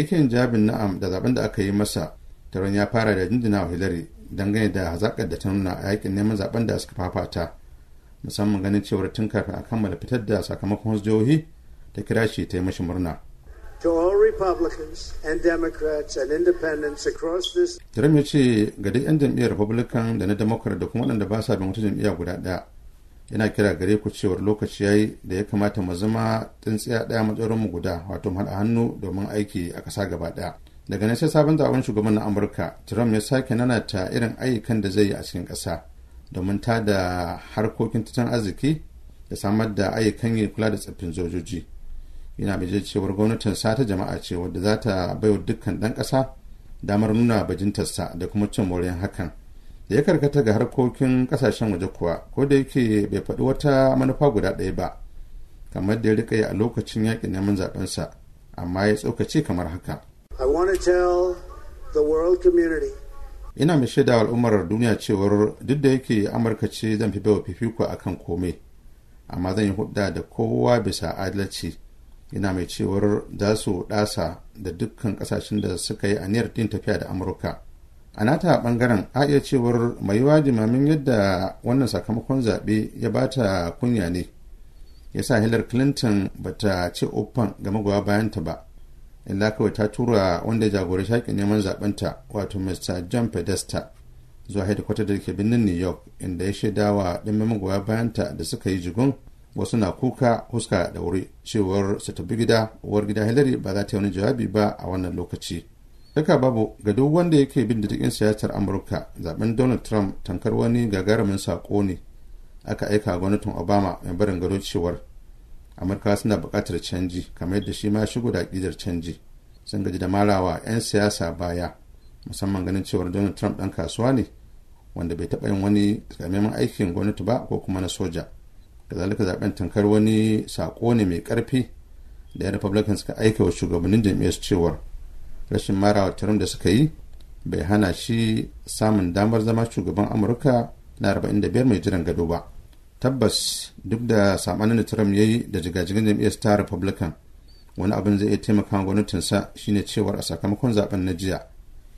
yakin jabin na'am da zaben da aka yi masa taron ya fara da jinjina wa hillary dangane da hazakar da ta nuna a yakin neman zaben da suka fafata musamman ganin cewar tun kafin a kammala fitar da sakamakon jihohi ta kira shi ta yi mashi murna. Trump ya ce ga duk 'yan jam'iyyar Republican da na Democrat da kuma waɗanda ba sa bin wata jam'iyya guda ɗaya yana kira gare ku cewar lokaci yayi da ya kamata mu zama tsintsiya ɗaya matsayin mu guda wato mu haɗa hannu domin aiki a ƙasa gaba ɗaya daga nan sai sabon zaben shugaban na amurka trump ya sake nana ta irin ayyukan da zai yi a cikin ƙasa domin ta da harkokin tattalin arziki da samar da ayyukan yi kula da tsaffin zojoji yana mai cewar gwamnatin sa ta jama'a ce wadda za ta baiwa dukkan ɗan ƙasa damar nuna bajintarsa da kuma cin moriyar hakan da ya karkata ga harkokin kasashen waje kuwa ko da yake bai faɗi wata manufa guda ɗaya ba kamar da ya rika yi a lokacin yakin neman sa amma ya tsokace kamar haka ina mai shaida al'ummar duniya cewar duk da yake amurka ce zan fi bawa fifiko a kan komai amma zan yi hudda da kowa bisa adalci ina mai cewar za su ɗasa da dukkan ƙasashen da suka yi a niyar din tafiya da amurka a nata bangaren a iya cewar mai yiwa jimamin yadda wannan sakamakon zaɓe ya bata kunya ne ya sa hillary clinton ba bata ce open ga magoya bayanta ba illa kawai ta tura wanda ya jagori shaƙin neman zaɓenta wato mr john pedesta zuwa hedikwatar da ke birnin new york inda ya shaida wa ɗin magoya bayanta da suka yi jigun wasu na kuka huska da wuri cewar su tafi gida uwar gida hillary ba za ta yi wani jawabi ba a wannan lokaci shakka babu ga duk wanda yake bin diddigin siyasar amurka zaben donald trump tankar wani gagarumin sako ne aka aika gwamnatin obama mai barin gado cewar amurka suna buƙatar canji kamar yadda shi ma shigo da ƙidar canji sun gaji da marawa 'yan siyasa baya musamman ganin cewar donald trump ɗan kasuwa ne wanda bai taɓa yin wani takamaiman aikin gwamnati ba ko kuma na soja kazalika zaben tankar wani sako ne mai ƙarfi da 'yan republican suka aika wa shugabannin jam'iyyar cewar rashin marawa trump da suka yi bai hana shi samun damar zama shugaban amurka na 45 mai jiran gado ba tabbas duk da samanin da trump ya yi da jigajigan jam'iyyar star republican wani abin zai iya taimaka gwamnatinsa shine cewar a sakamakon zaben na jiya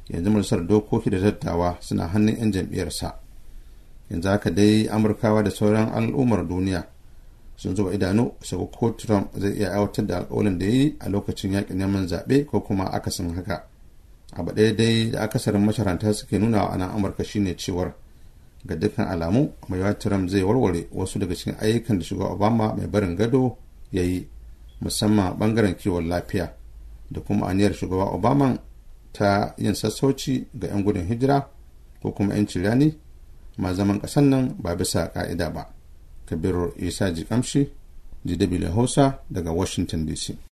yanzu majalisar dokoki da dattawa suna hannun 'yan jam'iyyarsa yanzu haka dai amurkawa da sauran al'ummar duniya sun zuba idanu saka ko trump zai iya aiwatar da alkawalin da ya yi a lokacin yakin neman zaɓe ko kuma akasin haka abu ɗaya dai da akasarin masharanta suke nunawa a nan amurka shine cewar ga dukkan alamu mai yawa trump zai warware wasu daga cikin ayyukan da shugaba obama mai barin gado ya yi musamman bangaren kiwon lafiya da kuma aniyar shugaba obama ta yin sassauci ga 'yan gudun hijira ko kuma 'yan cirani ma zaman ƙasan nan ba bisa ka'ida ba kabiru isa kamshi jw hausa daga washington dc